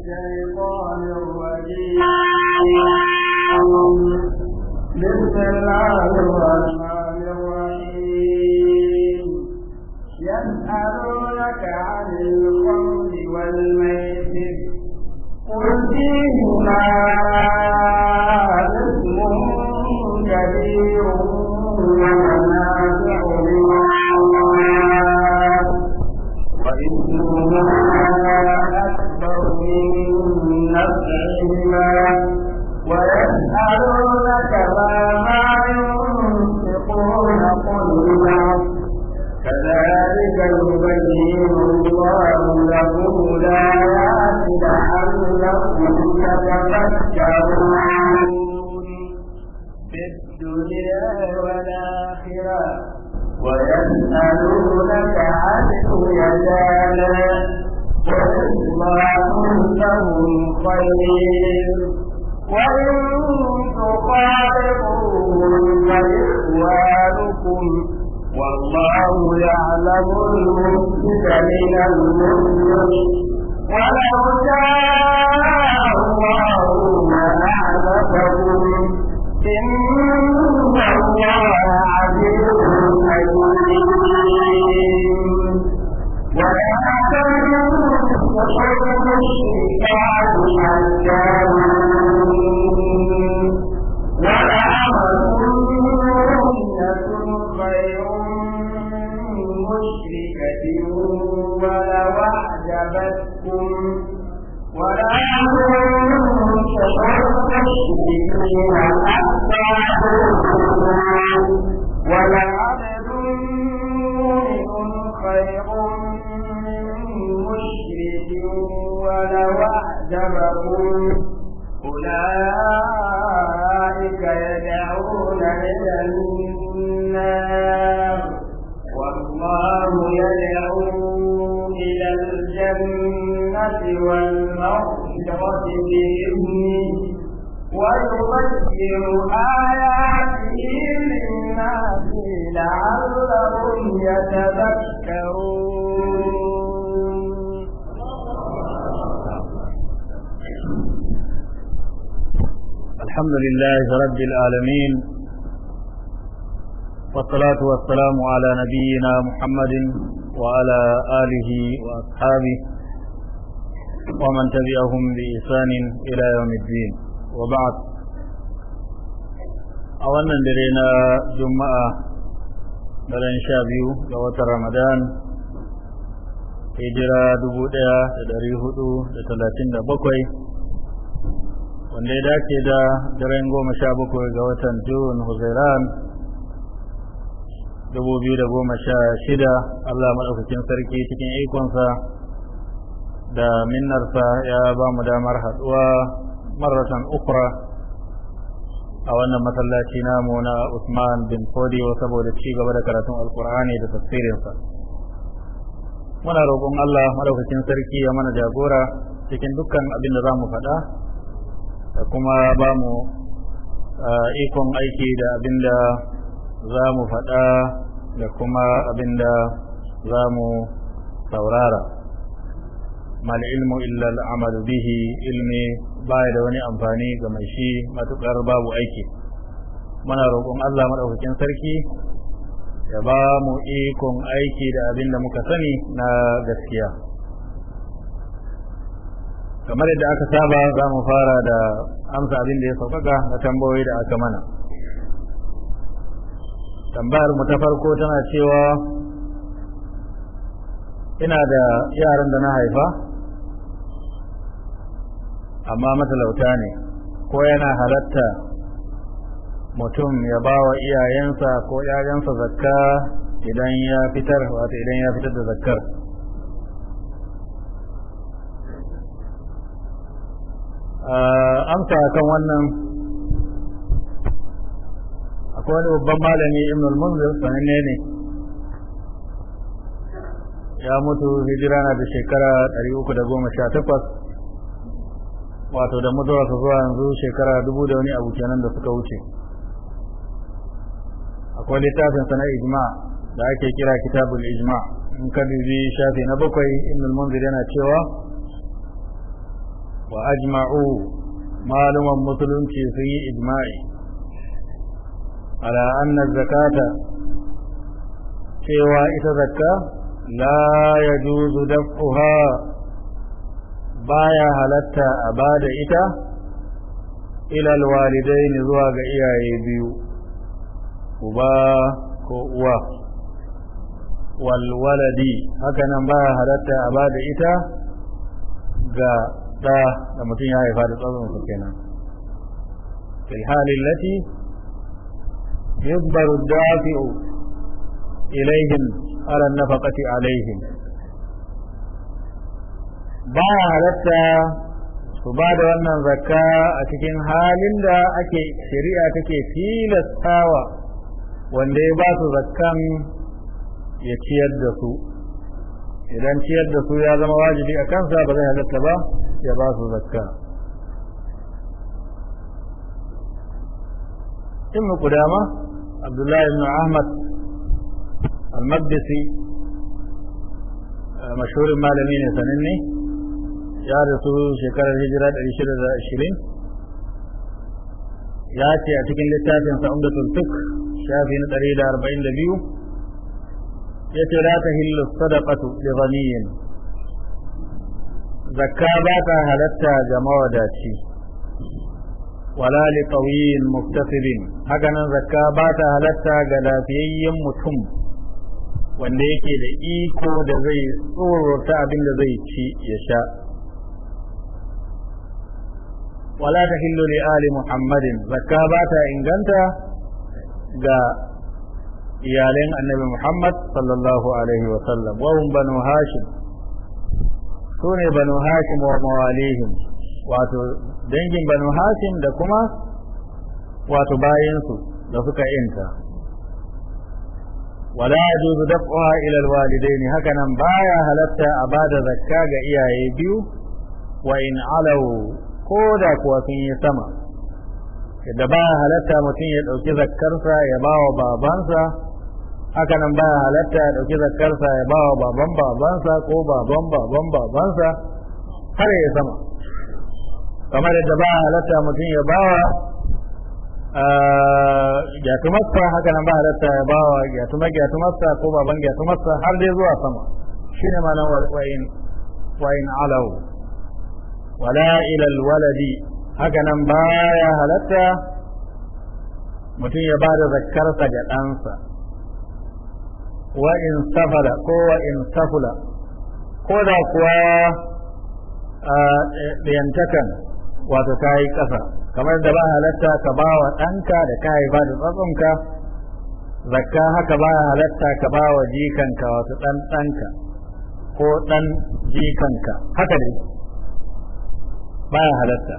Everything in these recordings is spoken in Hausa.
الشيطان الرجيم بسم الله الرحمن المسلم من المسلم ولو كان تَتَّقُونَ لله رب العالمين والصلاة والسلام على نبينا محمد وعلى آله وأصحابه ومن تبعهم بإحسان إلى يوم الدين وبعد أولا درينا جمعة بل إن شاء رمضان hijira dubu ɗaya da ɗari hudu da talatin da bakwai wanda ya dace da daren goma sha bakwai ga watan jun huzairan dubu biyu da goma sha shida allah maɗaukakin sarki cikin ikonsa da minnarsa ya ba mu damar haɗuwa maratan ukura a wannan masallaci namu na usman bin kodiyo saboda ci gaba da karatun alkur'ani da tafsirinsa muna roƙon allah maɗaukakin sarki ya mana jagora cikin dukkan abin da za mu faɗa da kuma ba mu ikon aiki da abinda za mu faɗa da kuma abinda za mu saurara mal ilmu illal al'amal bihi ilmi baya da wani amfani ga mai shi matukar babu aiki muna roƙon Allah madaukakin sarki ya ba mu ikon aiki da abinda muka sani na gaskiya kamar yadda aka saba za mu fara da amsa abin da ya sauƙaƙa na tambayoyi da aka mana tambayar mu ta farko tana cewa ina da yaran da na haifa amma matalauta ne ko yana halatta mutum ya ba wa iyayensa ko 'ya'yansa zakka idan ya fitar wato idan ya fitar da zakkar Eh, amsa kan wannan akwai wani babban malami ibn al-munzir sananne ne ya mutu hijira na da shekara 318 wato da su zuwa yanzu shekara dubu da wani abu kenan da suka wuce akwai littafin sana ijma da ake kira kitabul ijma in ka dubi shafi na bakwai ibn al-munzir yana cewa wa ajma'u maluman musulunci sun yi ijma'i ala anna zakata cewa ita zakka la yajuzu daf'uha baya halatta a bada ita Ilal walidai ne zuwa ga iyaye biyu uba ko uwa walwaladi haka nan baya halatta a bada ita ga da da mutum ya haifa da tsazon su kenan fil hali lati yudbaru dafi'u ilaihim ala nafaqati alaihim ba halatta su ba da wannan zakka a cikin halin da ake shari'a take tilastawa wanda ya ba su zakkan ya ciyar da su idan ciyar da su ya zama wajibi a kansa ba zai halatta ba ya ba su zakka ibn qudama abdullahi ibn ahmad al-maqdisi mashhurin malami ne sananne ya rasu shekarar hijira 620 ya ce a cikin littafin sa'udatul fiqh shafi na 142 yace la hillu sadaqatu li ghaniyin zakka ba ta halatta ga mawadaci wala li qawiyin muktasibin haka nan zakka ba ta halatta ga lafiyayyen mutum wanda yake da iko da zai tsorota abin da zai ci ya sha wala hillu li ali muhammadin zakka ba ta inganta ga iyalan annabi Muhammad sallallahu alaihi wa sallam wa hum banu hashim sune banu hashim wa mawalihim wato dangin banu hashim da kuma wato bayansu da suka inta wala yajuzu daf'uha ila alwalidaini haka nan baya halatta a ba da zakka ga iyaye biyu wa in alaw ko da kuwa sun yi sama da baya halatta mutum ya ɗauki zakkarsa ya bawa babansa haka nan baya halatta ya ɗauki zakarsa ya ba wa baban babansa ko baban baban babansa har ya sama kamar yadda ba halatta mutum ya ba wa gyatumarsa haka nan ba halatta ya ba wa gyatumar gyatumarsa ko baban gyatumarsa har dai zuwa sama shi ne ma nan wa'in alahu wala ilal waladi haka nan ya halatta mutum ya ba da zakkarsa ga ɗansa wa in safala ko wa in safula ko da kuwa e, ɗayantakan wato ta yi ƙasa kamar da ba halatta ka ba wa ɗanka da ka ba da tsatsonka zakka haka ba halatta ka ba wa jikanka wato ɗan ɗanka ko ɗan jikanka haka dai ba halatta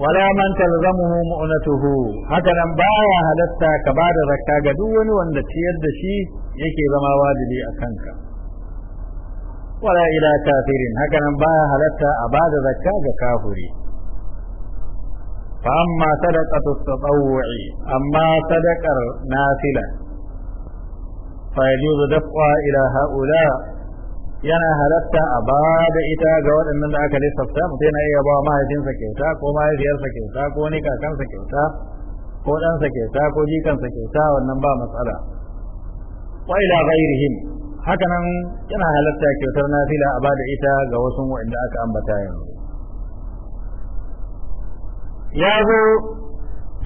wala man talzamuhu mu'natuhu haka nan baya halarta ka bada da zakka ga duk wani wanda ciyar da shi yake zama wajibi a kanka wala ila kafirin haka nan baya halarta a bada da zakka ga kafiri fa amma sadaqatu tatawwu'i amma sadaqar nafila fa yajuzu daf'a ila ha'ula' yana halatta a ba da ita ga waɗannan da aka lissafta mutum yana iya ba mahaifinsa kyauta ko mahaifiyarsa kyauta ko wani kakansa kyauta ko ɗansa kyauta ko jikansa kyauta wannan ba matsala wa ila ghairihim haka nan yana halatta kyautar nafila a ba da ita ga wasu waɗanda aka ambata yanzu ya zo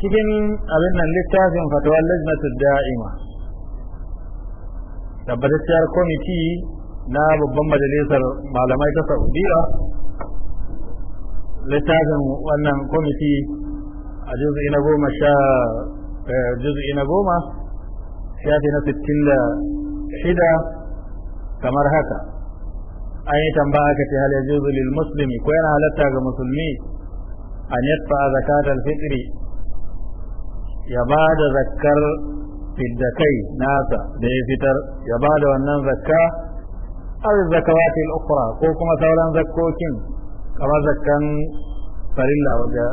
cikin abin nan littafin fatawar lajnatu da'ima tabbatacciyar kwamiti na babban majalisar malamai ta saudiya littafin wannan kwamiti a juz'i na goma sha eh, juz'i na goma shafi na sittin da shida kamar haka an yi tambaya aka ce hal yajuzu lil muslimi ko yana halatta ga musulmi an yadfa zakat fitri ya ba da zakkar fidda kai nasa da ya fitar ya ba da wannan zakka aw zakawati al ko kuma sauran zakkokin kamar zakkan farilla wanda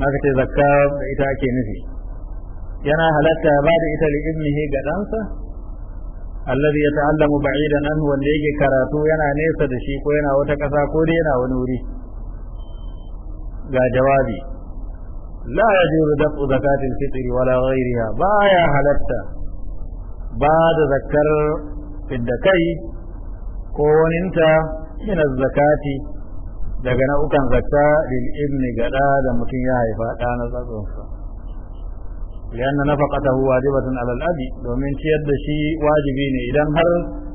na kace zakka da ita ake nufi yana halarta ba da ita li ibnihi ga ɗansa alladhi yata'allamu ba'idan anhu wanda yake karatu yana nesa da shi ko yana wata ƙasa ko dai yana wani wuri ga jawabi la yajuzu daf'u zakati al-fitr wala ghayriha baya halatta ba da zakkar fidda kai ko waninta ina zakati daga nau'ukan zakka lil ibni gada da mutum ya haifa da na tsatsonsa lianna nafaqatahu wajibatun alal abi domin ciyar da shi wajibi ne idan har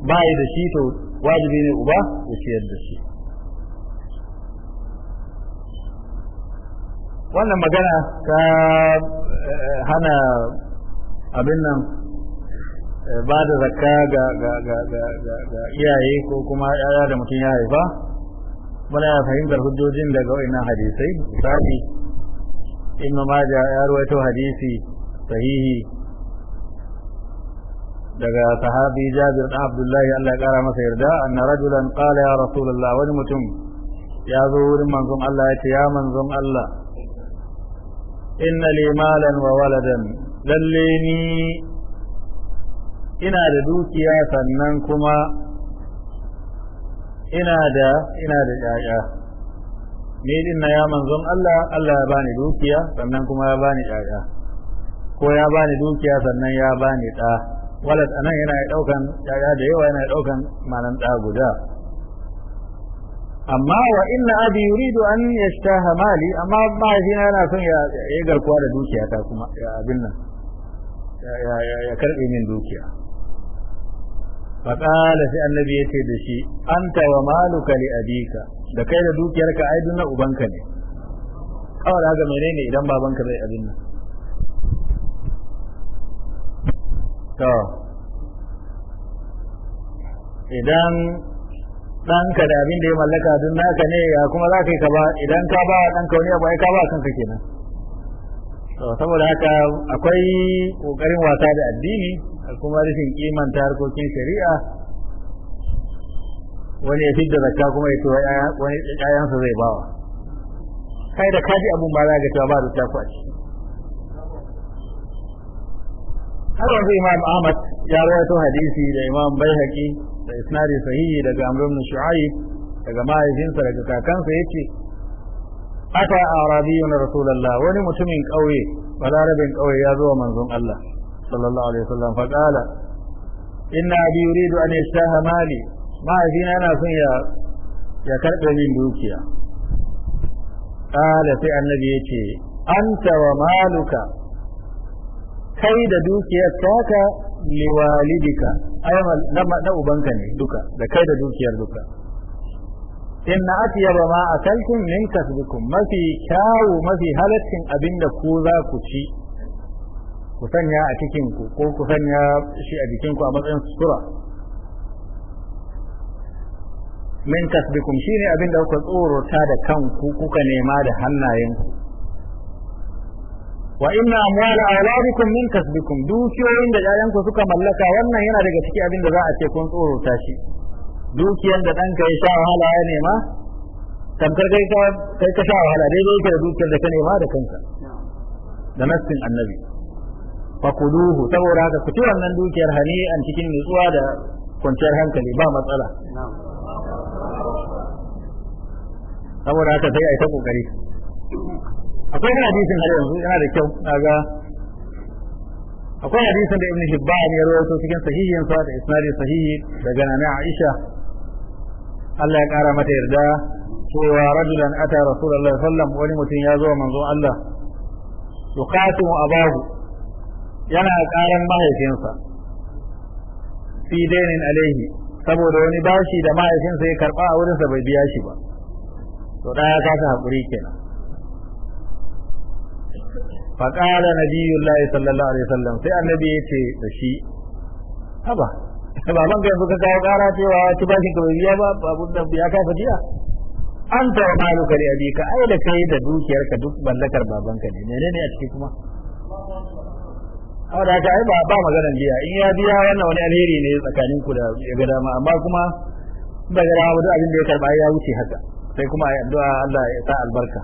bai da shi to wajibi ne uba ya ciyar da shi wannan magana ka eh, hana abin nan ba da zakka ga ga ga ga ga iyaye ko kuma yaya da mutum ya haifa muna ya fahimtar hujjojin daga wa'annan hadisai misali ibnu majah ya rawaito hadisi sahihi daga sahabi Jabir da Abdullahi Allah ya kara masa yarda anna rajulan qala ya rasulullah wani mutum ya zo wurin manzon Allah ya ce ya manzon Allah inna li malan wa waladan lalle ni ina da dukiya sannan kuma ina da ina da ƴaƴa ni din na ya manzon Allah Allah ya bani dukiya sannan kuma ya bani ƴaƴa ko ya bani dukiya sannan ya bani ɗa walad anan yana ɗaukan ƴaƴa da yawa yana ɗaukan malan ɗa guda amma wa inna abi yuridu an yashtaha mali amma ba shi yana son ya garkuwa da dukiya ta kuma ya abin nan ya karbe min dukiya faƙala sai annabi ya ce da shi an wa maluka li abika da kai da dukiyarka ai na ubanka ne kawai haka menene idan babanka zai abin nan to idan ɗanka da abin da ya mallaka duk naka ne ya kuma za ka yi ka ba idan ka ba ɗanka wani abu ai ka ba kanka kenan saboda haka akwai ƙoƙarin wasa da addini kuma rashin kimanta harkokin shari'a wani ya fidda zakka kuma ya tura wani ƴaƴansa zai bawa kai da kaji abun ba za ka cewa ba da ta a ciki har yanzu imam ahmad ya rawaito hadisi da imam baihaqi da isnadi sahihi daga amr ibn shu'aib daga mahaifinsa daga kakansa yace ata arabiyun rasulullah wani mutumin kauye balarabin kauye ya zo manzon Allah صلى الله عليه وسلم فقال إن أبي يريد أن يشتاه مالي ما أفينا أنا سنيا يا كرب من دوكيا قال في النبي أنت ومالك كيد دوكيا تاكا liwalidika na ubanka ne duka da kai da dukiyar duka inna atyaba ma akaltum min kasbikum mafi kyawu mafi halaccin abinda ku za ku ci ku sanya a cikin ku ko ku sanya shi a jikin ku a matsayin sutura min kasbikum shine abin da kuka tsorota da kanku kuka nema da hannayenku wa inna amwala awladikum min kasbikum dukiyoyin da ƴaƴanku suka mallaka wannan yana daga cikin abin da za a ce kun tsorota shi dukiyar da ɗanka ya sha wahala ya nema tamkar kai ka sha wahala daidai yake da dukiyar da ka nema da kanka da nassin annabi fakuluhu saboda haka ku ci wannan dukiyar hani'an cikin nutsuwa da kwanciyar hankali ba matsala saboda haka sai a yi ta kokari akwai hadisin har yanzu yana da kyau kaga akwai hadisin da ibn hibban ya rawaito cikin sahihin sa da isnadi sahihi daga nana aisha Allah ya kara mata yarda cewa rajulan ata rasulullahi sallallahu alaihi wasallam wani mutum ya zo manzo Allah yuqatimu abahu yana karan mahaifinsa fi dainin alaihi saboda wani bashi da mahaifinsa ya karba a wurinsa bai biya shi ba to ɗaya ya kasa haƙuri kenan faƙala nabiyullahi sallallahu alaihi wasallam sai annabi ya ce da shi haba baban ka yanzu ka kawo ƙara cewa ci bashi ka bai biya ba babu da ya ka fadiya an ta wa maluka da abika ai da kai da dukiyarka duk mallakar babanka ne menene a ciki kuma da haka ai ba ba maganar biya in ya biya wannan wani alheri ne tsakanin ku da ya ga dama amma kuma ba ga dama duk abin da ya karba ya wuce haka sai kuma ai addu'a Allah ya sa albarka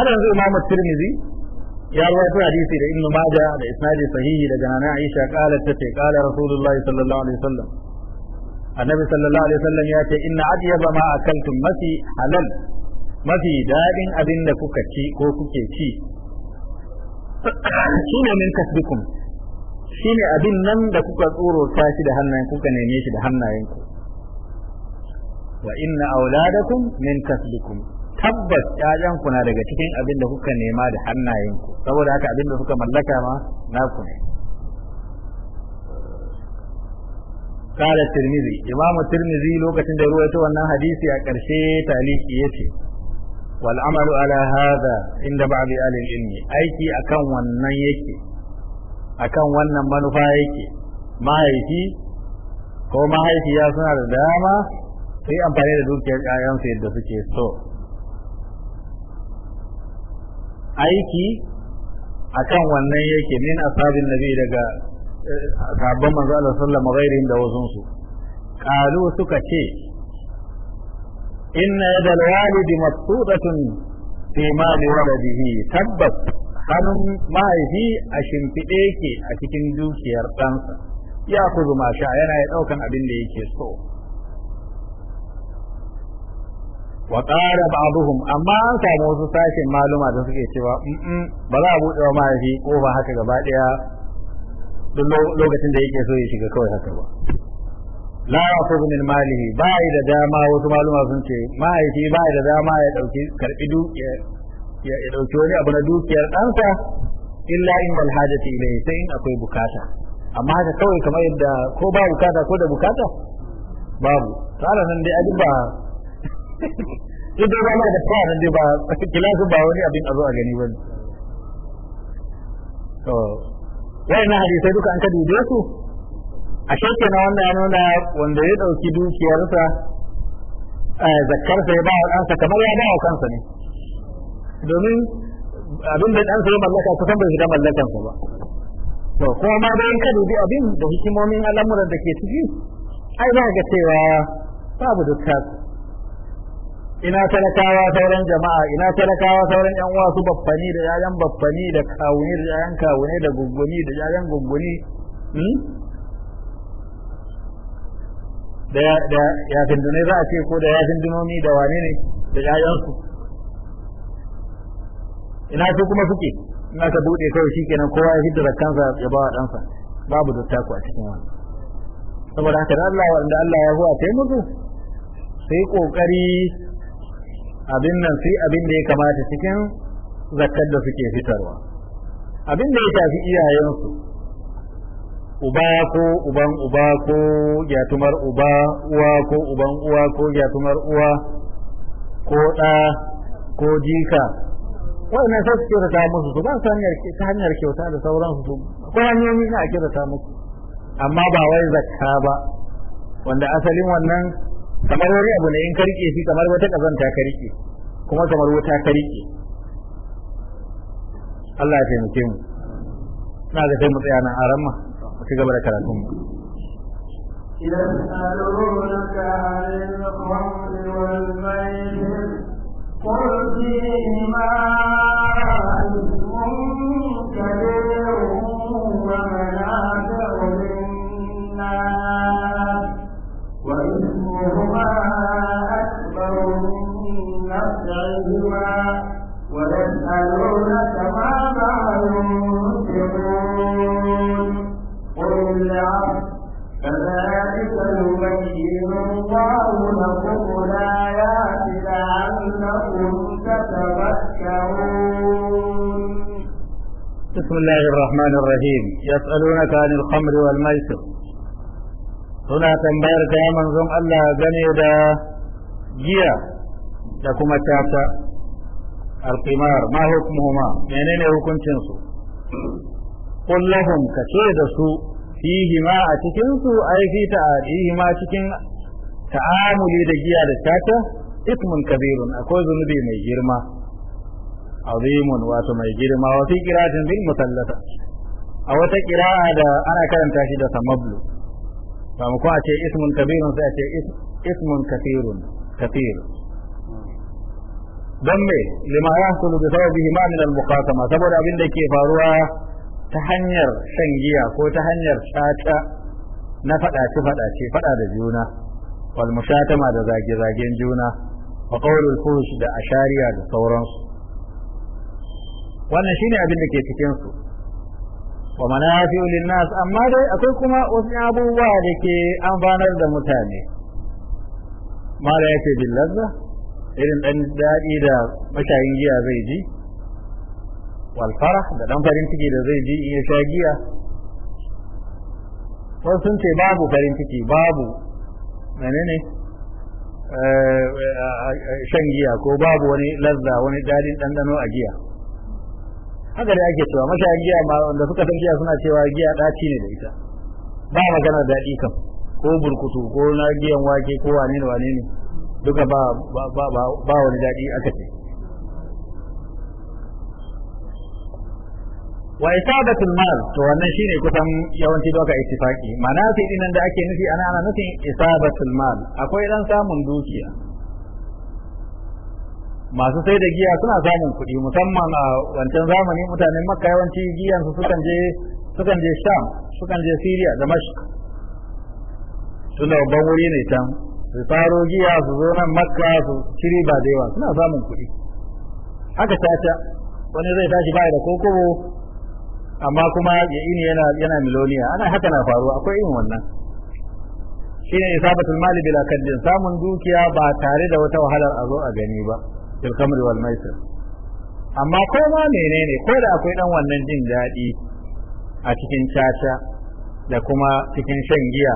hada yanzu Imam Tirmidhi ya rawaito hadisi da Ibn Majah da isnadi sahihi daga Nana Aisha qalat ta ce qala Rasulullah sallallahu alaihi wasallam annabi sallallahu alaihi wasallam ya ce inna adyaba ma akaltum masi halal mafi daɗin abin da kuka ci ko kuke ci shi ne min kasbikum shi ne abin nan da kuka tsoro ta shi da hannayen kuka neme shi da hannayenku wa inna auladakum min kasbikum tabbas ku na daga cikin abin da kuka nema da hannayenku saboda haka abin da kuka mallaka ma naku ne قال الترمذي إمام الترمذي لوكة wannan hadisi حديثي أكرشي تعليق يتي والعمل على هذا عند بعض أهل العلم ilmi أكن ونن wannan yake akan wannan manufa yake mahaifi ko mahaifiya suna da dama sai amfani da dukiyar ƴaƴansu yadda suke so aiki akan wannan yake min asabin nabi daga sabon manzo Allah sallallahu alaihi wasallam da wasunsu qalu suka ce inna yada alwalidi mabsudatun fi mali waladihi tabbas hannun mahaifi a shimfiɗe ke a cikin dukiyar ɗansa ya kuzu masha yana ya abin da yake so wa ƙara ba'duhum amma an wasu sashen maluma da suke cewa ba za a buɗe mahaifi ko ba haka gaba ɗaya lokacin da yake so ya shiga kawai haka ba la fi min malihi yi da dama wasu maluma sun ce a yi da dama ya dauki karɓi dukiya ya dauki wani abu na dukiyar ɗansa illa in bal hajati ilayhi sai in akwai bukata amma haka kawai kamar yadda ko ba bukata ko da bukata babu tsara nan dai ajin ba ido ba ma da nan dai ba kilasu ba wani abin a zo a gani bane to wayannan hadisai duka an ka dube su a shirke na wannan ya nuna wanda ya ɗauki dukiyarsa eh, zakkarsa ya ba wa ɗansa kamar ya ba wa kansa ne domin abin da ɗansa ya mallaka kusan bai shiga mallakansa ba to kuma ma bayan ka bi abin da hikimomin al'amuran da ke ciki ai za ga cewa babu dukkan ina talakawa sauran jama'a ina talakawa sauran yan uwa su baffani da yayan baffani da kawuni da yayan kawuni da gugguni da yayan gugguni hmm? da ya findune za a ce ko da ya findunomi da wane ne da ƴaƴansu ina su kuma suke ina ka bude kawai shi kenan kowa ya hidda kansa ya ba dan ɗansa babu da taku a cikin wani saboda haka da Allah wanda Allah ya huwa kai mutu sai kokari abin nan sai abin da ya kamata cikin zakkar da suke fitarwa abin da ya tafi iyayensu uba ko uban uba ko gyatumar uba uwa ko uban uwa ko gyatumar uwa ko ɗa ko jika waɗannan sai su ta musu su ba su hanyar kyauta da sauransu su akwai hanyoyi na a ta musu amma ba wai zakka ba wanda asalin wannan kamar wani abu ne in ka shi kamar wata kazanta ta rike kuma kamar wuta ka Allah ya taimake mu na ga sai mu tsaya nan ramma ci gaba da karatun mu يسألونك عن الخمر والميسر قل فيهما إثم كبير ومنافع للناس وإثمهما أكبر من نفعهما ويسألونك ماذا ينفقون بالعقل كذلك يبين الله لكم الآيات لعلكم تتذكرون بسم الله الرحمن الرحيم يسألونك عن الخمر والميسر suna tambayar ta manzon Allah gane da giya da kuma tata alqimar ma hukmuhuma menene hukuncin su qul lahum da su fihi ma a cikin su ai fi ta'adihi ma cikin ta'amuli da giya da tata ismun kabirun akwai zunubi mai girma azimun wato mai girma wa fi qira'atin bil musallata a wata qira'a da ana karanta shi da samablu ba mu kuma ce ismun kabirun sai a ce ismun kathirun kathir don me lima yahsulu bi sababihi ma min al muqasama saboda abin da ke faruwa ta hanyar shan giya ko ta hanyar sata na faɗace faɗace faɗa da juna wal mushatama da zage zagen juna wa qawlul fuhsh da ashariya da sauransu wannan shine abin da ke cikin su wa manafi'u nas amma dai akwai kuma wasu abubuwa da ke amfanar da mutane mala yake bil lazza irin dan dadi da mashayin giya zai ji walfara da dan farin ciki da zai ji in ya sha giya wasu sun ce babu farin ciki babu menene eh, shan giya ko babu wani lazza wani dadin ɗanɗano a giya haka da ake cewa masha giya ma wanda suka san giya suna cewa giya ɗaci ne da ita ba magana daɗi kam ko burkutu ko na giyan wake ko wane ne wane ne duka ba ba wani daɗi aka ce wa da mal to wannan shine kusan yawanci doka ittifaki manafi dinan da ake nufi ana ana nufin da mal akwai dan samun dukiya masu sai da giya suna samun kuɗi musamman a wancan zamani mutanen makka yawanci giyan su sukan je sukan je sham sukan je syria da mashk suna babban wuri ne can su faro giya su zo nan makka su ciri ba da yawa suna samun kuɗi haka tata wani zai tashi baya da kokobo amma kuma ya ini yana yana miloniya ana haka na faruwa akwai irin wannan shine isabatul mali bila kaddin samun dukiya ba tare da wata wahalar a zo a gani ba fil kamri wal maisir amma ko ma menene ko da akwai dan wannan jin daɗi a cikin caca da kuma cikin shan giya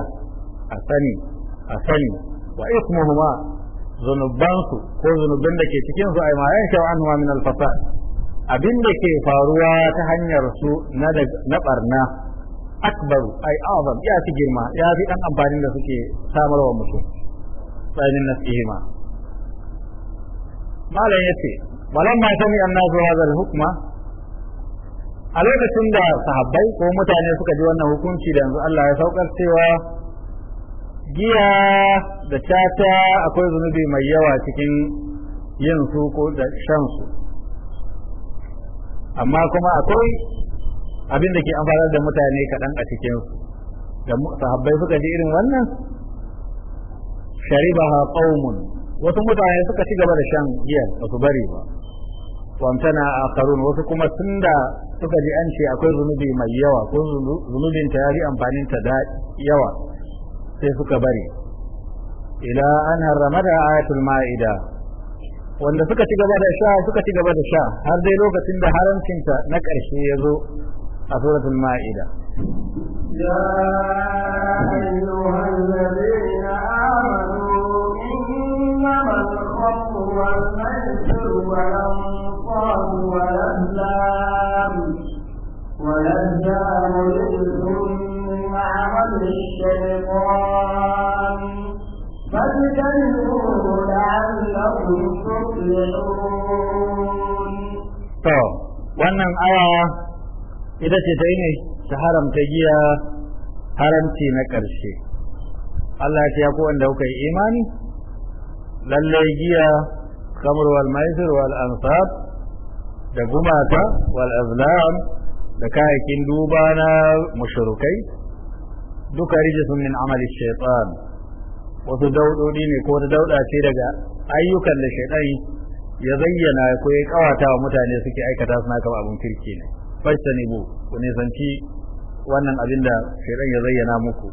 a sani a sani wa ismuhuma zunubansu ko zunubin da ke cikin su ay ma anhu min al fasad abin da ke faruwa ta hanyar su na barna akbaru ai azam ya fi girma ya fi dan amfanin da suke samarwa musu tsayin nasihima malam yace walamma sami annabi hadha al-hukma a lokacin da sahabbai ko mutane suka ji wannan hukunci da yanzu Allah ya saukar cewa giya da tata akwai zunubi mai yawa cikin yin su ko da shan su amma kuma akwai abin da ke amfanar da mutane kaɗan a cikin da sahabbai suka ji irin wannan sharibaha qaumun wasu mutane suka ci gaba da shan giyar ba su bari ba a karun wasu kuma sun da suka ji an ce akwai zunubi mai yawa ko zunubin ta yari amfanin ta da yawa sai suka bari ila an da ayatul ma'ida wanda suka ci gaba da sha suka ci gaba da sha har dai lokacin da haramcinta na ƙarshe ya zo a suratul ma'ida يا أيها الذين آمنوا إنما الخمر والميسر والأنصار والأزلام والأزلام رجل من عمل الشيطان To, wannan aya ita ce ta yi ne ta haramta giya haramci na ƙarshe. Allah ya ku wanda kuka yi imani, lallai giya kamar wal maisir wal ansab da gumata wal azlam da kayakin duba na mashirukai duka rijisun min amali shaitan. wasu daudodi ne ko wata dauda ce daga ayyukan da shaidan ya zayyana ko ya kawata wa mutane suke aikata suna kama abin kirki ne bu ku nisanci wannan abin da shaidan ya zayyana muku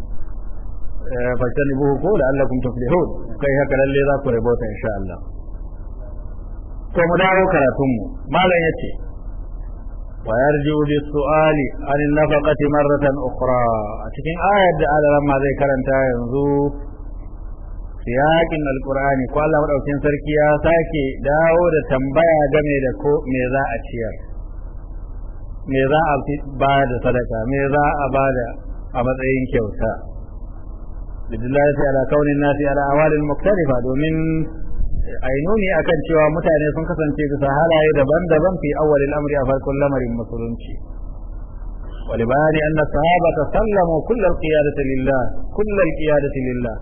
eh, bu ko da allakum tuflihun kai haka lalle za ku rabota insha Allah to mu dawo karatun mu malam yace wa yarju bi su'ali an nafaqati marratan ukhra a cikin ayat da Allah ma zai karanta yanzu siyakin alkur'ani ko Allah madaukin sarki ya sake dawo da tambaya game da ko me za a ciyar me za a ba da sadaka me za a ba da a matsayin kyauta bidillahi ya ala kaunin nasi ala awalin muktarifa domin ainuni akan cewa mutane sun kasance bisa halaye daban-daban fi awwalil amri a farkon lamarin musulunci ولبيان أن الصحابة سلموا كل القيادة لله كل القيادة لله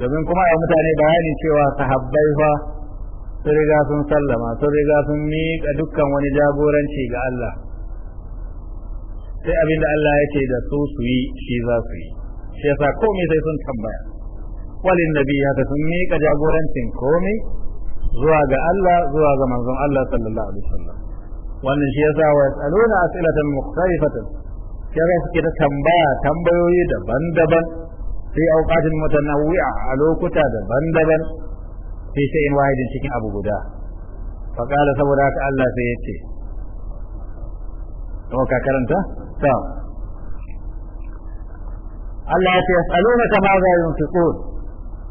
domin kuma a mutane bayani cewa sahabbai fa sun riga sun sallama sun riga sun miƙa dukkan wani jagoranci ga Allah sai abin da Allah ya ce da su su yi shi za su yi shi yasa komai sai sun tambaya walin nabi ta sun miƙa jagorancin komai zuwa ga Allah zuwa ga manzon Allah sallallahu alaihi wasallam wannan shi yasa wa yasaluna as'ilatan mukhtalifatan kaga suke ta tambaya tambayoyi daban-daban في أوقات mutanawwi'a a lokuta daban-daban شيء واحد wahidin cikin abu guda fa ألا saboda haka Allah sai ya ce to ka karanta ثم Allah ya ce yas'alunaka ma za yunfiqun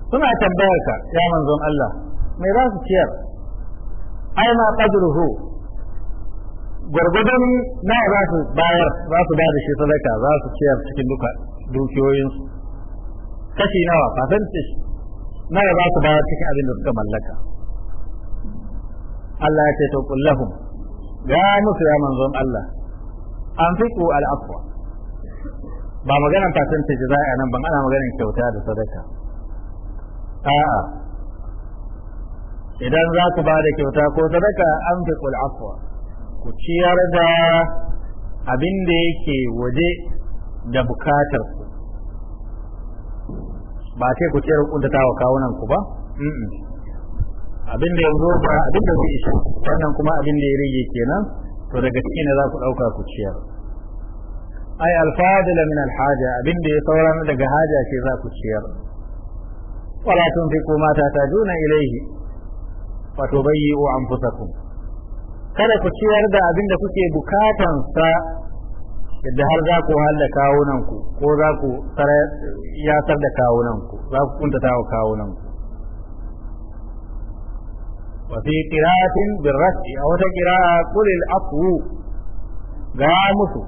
suna tambayar gurgudun na za su bayar za su ba da shi sadaka za su ciyar cikin duka dukiyoyinsu kashi nawa percentage nawa za su ba cikin abin da suka mallaka Allah ya ce to kullahum ga musu ya manzon Allah an fi ku al'afwa ba maganar percentage za a nan ban ana maganar kyauta da sadaka a'a idan za ku ba da kyauta ko sadaka an fiku al'afwa ku ciyar da abin da yake waje da bukatar ku ba sai ku tsere ta wa kawunan ku ba abin da yanzu ba abin da zai isa wannan kuma abin da ya rage kenan to daga cikin za ku dauka ku ciyar ai alfadila min alhaja abin da ya sauran daga haja ce za ku ciyar wala tunfiqu ma tatajuna ilayhi fa tubayyi'u anfusakum kada ku ciyar da abin da kuke bukatan sa yadda har za ku halla kawunanku ko za ku yasar da kawunanku za ku kuntata wa kawunanku wa fi qira'atin birrasi a wata qira'a qul al afwu ga musu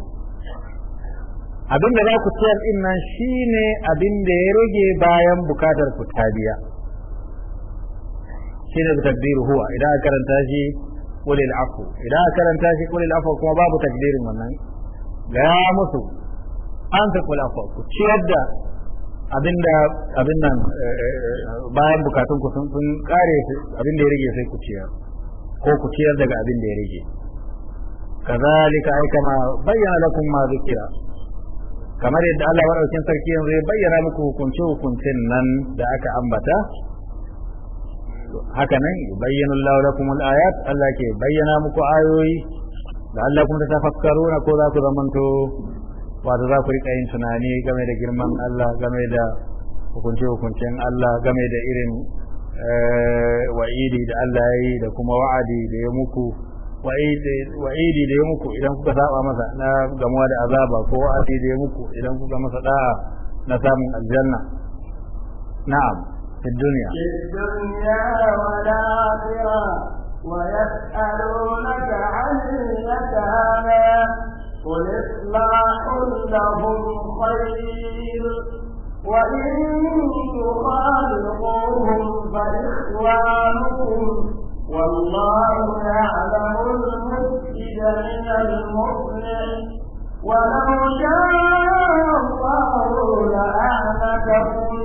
abinda za ku ciyar din nan shine abin da ya rage bayan bukatar ku ta biya shine takbir huwa idan karanta shi qul al afwu idan karanta shi qul al afwu kuma babu tabbirin wannan gaya musu an ta kula ku ciyar da abin da abin nan eh, eh, eh, bayan bukatun ku sun kare abin da ya rage sai ku ciyar ko ku ciyar daga abin da ya rage kazalika ai kama bayyana lakum ma zikira kamar yadda Allah madaukin sarki yanzu ya bayyana muku hukunce hukuncin nan da aka ambata haka nan yubayyinu lakum al-ayat Allah ke bayyana muku ayoyi da Allah kuma ta tafakkaruna ko za ku zamanto wato za ku riƙa yin tunani game da girman Allah game da hukunce hukuncen Allah game da irin wa'idi da Allah ya yi da kuma wa'adi da ya muku wa'idi da ya muku idan kuka saba masa na gamuwa da azaba ko wa'adi da ya muku idan kuka masa da'a na samun aljanna na'am في الدنيا في الدنيا والآخرة ويسألونك عن اليتامى قل إصلاح لهم خير وإن يخالقوهم فإخوانكم والله يعلم المسجد من المؤمن ولو شاء الله لأعمدكم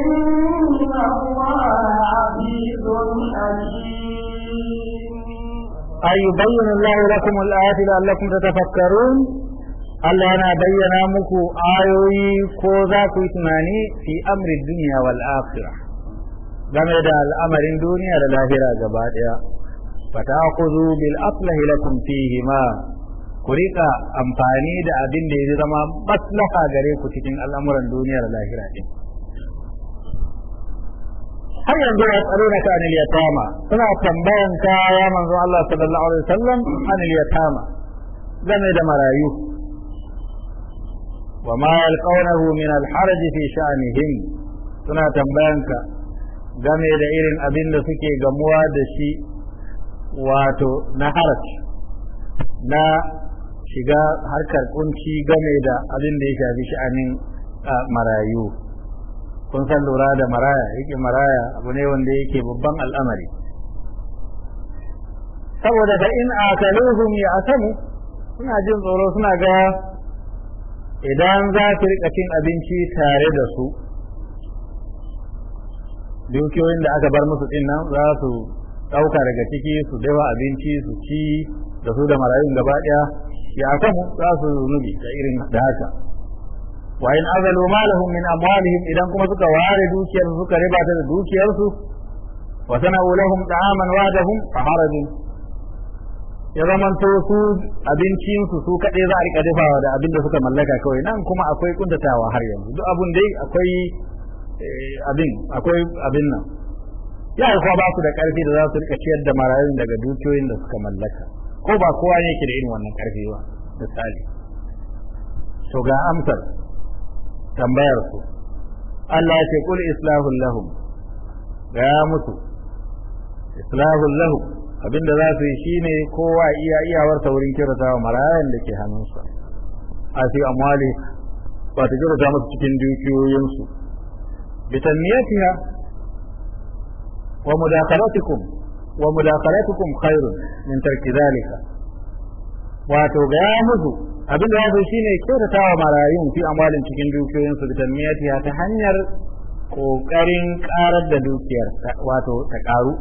إن الله عزيز حكيم ay bayyana Allah lakum al-ayati la'allakum tatafakkarun Allah na bayyana muku ayoyi ko za ku yi tunani fi amri dunya wal akhirah game da al'amarin duniya da lahira gaba daya fatakhudhu bil aslahi lakum fihi ma ku rika amfani da abin da ya zama maslaha gare ku cikin al'amuran duniya da lahira din har yanzu ya tsaro na ka anil yatama suna tambayan kaya manzo Allah sallallahu alaihi wasallam anil yatama game da marayu wa ma yalqawnahu min al haraj fi sha'nihim suna tambayan ka game da irin abin da suke gamuwa da shi wato na haraj na shiga harkar kunci game da abin da ya shafi sha'anin ah, marayu kun san lura da maraya yake maraya abu ne wanda yake babban al'amari saboda da in ataluhum ya asamu suna jin tsoro suna ga idan za ki rika cin abinci tare da su dukiyoyin da aka bar musu din nan za su ɗauka daga ciki su dawa abinci su ci da su da marayun gaba ɗaya ya asamu za su zunubi da irin da haka wa in azalu malahum min amwalihim idan kuma suka ware dukiyar suka riba ta da dukiyar su wa sana'u lahum ta'aman wadahum fa harajun ya zamanto su abincin su su kadai za a rika dafawa da abin da suka mallaka kawai nan kuma akwai kuntatawa har yanzu duk abun dai akwai eh, abin akwai abin nan ya kuma ba su da karfi da za su rika ciyar da marayun daga dukiyoyin da suka mallaka ko ba kowa ne yake da irin wannan karfi ba misali to ga amsar tambayar su Allah ya ce kul islahul lahum ya mutu Islahun lahum abinda za su yi shine kowa iya iyawar saurin kirata wa marayan da ke hannunsa a fi amwali ba ta kirata musu cikin dukiyoyinsu bitaniyatiha wa mudakalatikum wa mudakalatikum khairun min tarki zalika wato ga ya mutu abin da ya so shine kyautata wa marayun fi amalin cikin dukiyoyin dukiyoyinsu bi tanmiyatiha ta hanyar kokarin karar da dukiyar wato ta karu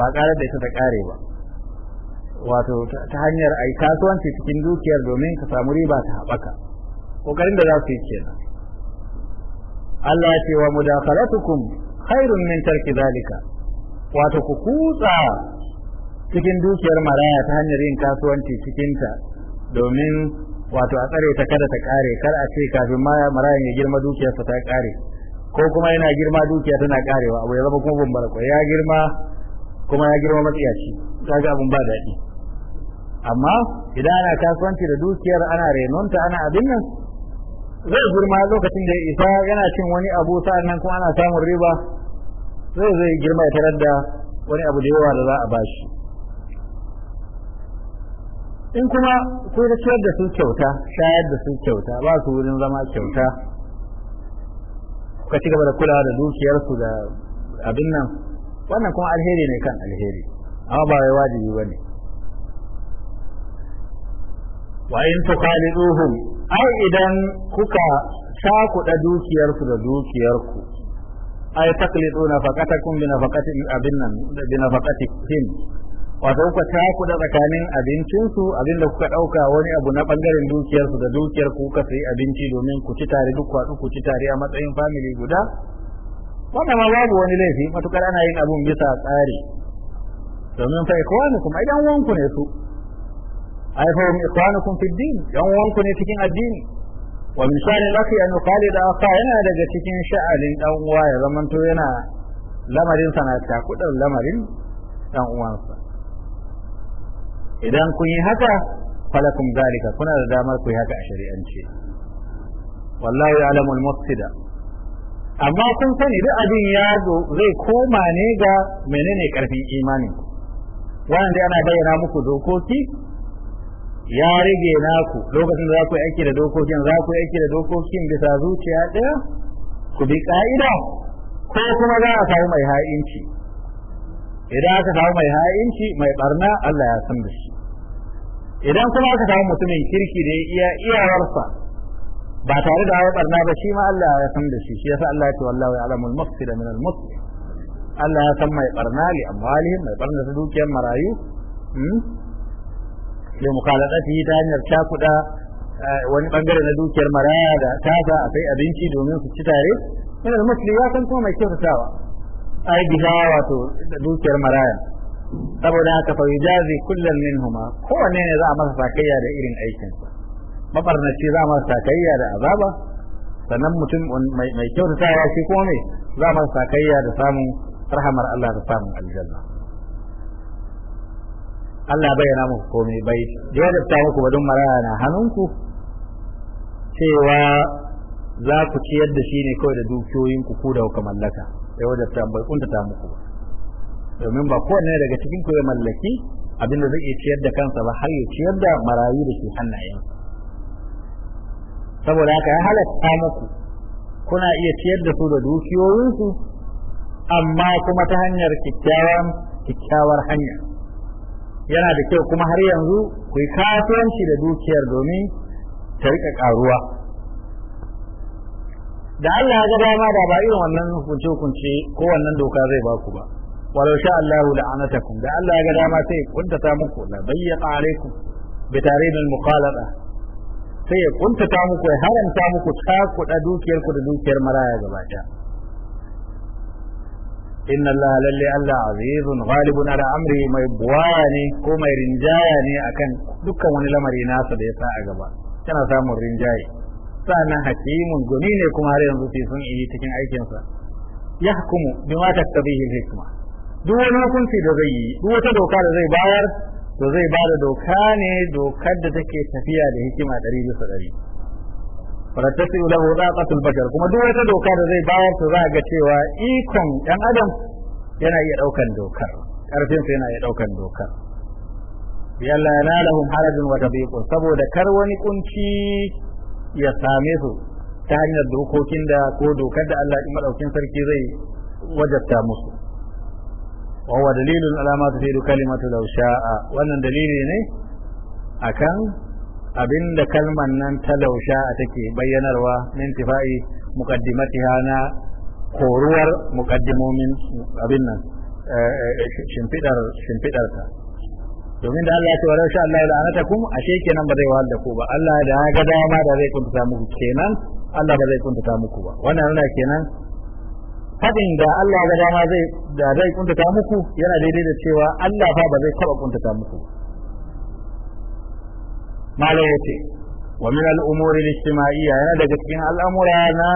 ba karar da ita ta kare ba wato ta hanyar ai kasuwanci cikin dukiyar domin ka samu riba ta haɓaka kokarin da za su yi kenan Allah ce wa mudakhalatukum khairun min tarki zalika wato ku kutsa cikin dukiyar maraya ta hanyar yin kasuwanci cikinta domin wato a tsare ta kada ta kare kar a ce kafin ma marayan ya girma dukiyarsa ta kare ko kuma yana girma dukiya tana karewa abu ya zama kuma bumbara ko ya girma kuma ya girma matsiyaci kaga abun ba daɗi amma idan ana kasuwanci da dukiyar ana renonta ana abin nan zai girma lokacin da isa yana cin wani abu sa'an nan kuma ana samun riba zai zai girma ya tarar da wani abu da yawa da za a bashi in kuma ko da ciyar da su kyauta shayar da su kyauta ba su wurin zama kyauta ka ci gaba da kula da dukiyarsu da abin nan wannan kuma alheri ne kan alheri amma ba wai wajibi ba ne wa in tukhaliduhum ai idan kuka cakuɗa dukiyarsu da dukiyarku ai takliduna faqatakum bi nafaqati abin nan bi nafaqatikum wato kuka ta da tsakanin abincinsu abinda kuka ɗauka wani abu na ɓangaren dukiyarsu da dukiyar ku kuka sayi abinci domin ku ci tare duk kwaɗu ku ci tare a matsayin famili guda wannan ma babu wani laifi matukar ana yin abun bisa tsari domin fa ikwanukum ai dan wanku ne su ai fa ikwanukum fi din dan wanku ne cikin addini wa min sha'ani laki an yuqalida aqa yana daga cikin sha'anin dan uwa ya zamanto yana lamarin sana'a ta kudin lamarin dan uwansa idan kun yi haka falakum zalika kuna da damar ku yi haka a shari'ance wallahi alamul mufsida amma kun sani duk abin ya zo zai koma ne ga menene karfin imani wanda ana bayyana muku dokoki ya rage naku lokacin da za ku yi aiki da dokokin za ku yi aiki da dokokin bisa zuciya ɗaya ku bi ka'ida ko kuma za a samu mai ha'inci idan aka samu mai ha'inci mai barna Allah ya san da shi idan kuma aka samu mutumin kirki da ya iya iyawarsa ba tare da wata barna ba shi ma Allah ya san da shi shi yasa Allah ya ce wallahu ya'lamu al-mufsid min al-muslih Allah ya san mai barna li amwalihi mai barna da dukiyar marayu hmm da mukalatati ta hanyar cakuda wani bangare na dukiyar maraya da tasa a kai abinci domin su ci tare min al-muslih ya san kuma mai kyautatawa ai bihawa to dukiyar maraya saboda haka fa yujazi kullum minhuma kowanne ne za a masa sakayya da irin aikinsa mafarnaci za a masa sakayya da azaba sannan mutum mai ya shi kuma me za a masa sakayya da samun rahamar Allah da samun aljanna Allah bai bayyana muku komai bai ya da muku badun maraya na hannunku cewa za ku ciyar da shi ne kawai da dukiyoyinku ku da kuka mallaka sai wajen tambayi kunta ta muku ba domin ba kowanne daga cikin ku ya mallaki abin da zai iya ciyar da kansa ba har ya ciyar da marayu da ke hannayen saboda haka ya halatta muku kuna iya ciyar da su da dukiyoyinsu amma kuma ta hanyar kyakkyawan kyakkyawar hanya yana da kyau kuma har yanzu ku yi kasuwanci da dukiyar domin ta rika karuwa da Allah ya ga dama da ba irin wannan hukunce hukunce ko wannan doka zai baku ba ولو شاء الله لعنتكم ده الله قد ما سيك كنت تامكو لضيق عليكم بتارين المقالبة سيك كنت تامكو هرم تامكو تاكو تدوك يلكو تدوك يرمرا يا جباجا إن الله للي الله عزيز غالب على أمره ما يبواني كما يرنجاني أكن دكا من لما ريناس ديسا أجبا كان سامو الرنجاي سانا حكيم جنيني كما رينزو في سنعي تكين أي كنسا يحكم بما تكتبيه الحكمة duk wani hukunci da zai yi duk wata doka da zai bayar to zai ba da doka ne dokar da take tafiya da hikima ɗari bisa ɗari farattasi ulahu zaqatul bajar kuma duk wata doka da zai bayar to za ga cewa ikon ɗan adam yana iya ɗaukan dokar ƙarfinsa yana iya ɗaukan dokar yalla lahum harajun wa tabiqun saboda kar wani kunci ya same su ta hanyar dokokin da ko dokar da Allah madaukin sarki zai wajabta musu wa huwa alama ala ma tufidu kalimatu law sha'a wannan dalili ne akan abinda kalman nan ta lausha a take bayyanarwa min tifa'i muqaddimatiha na koruwar muqaddimomin abin nan shimfidar shimfidar ta domin da Allah ya ce wa rasha Allah ya anata kum ashe kenan ba zai wahal da ku ba Allah da ya ga dama da zai kuntuta muku kenan Allah ba zai kuntuta muku ba wannan yana kenan fadin da Allah ga dama zai da zai kuntata muku yana daidai da cewa Allah fa ba zai taba kuntata muku malai yace wa min al-umuri al yana daga cikin al'amura na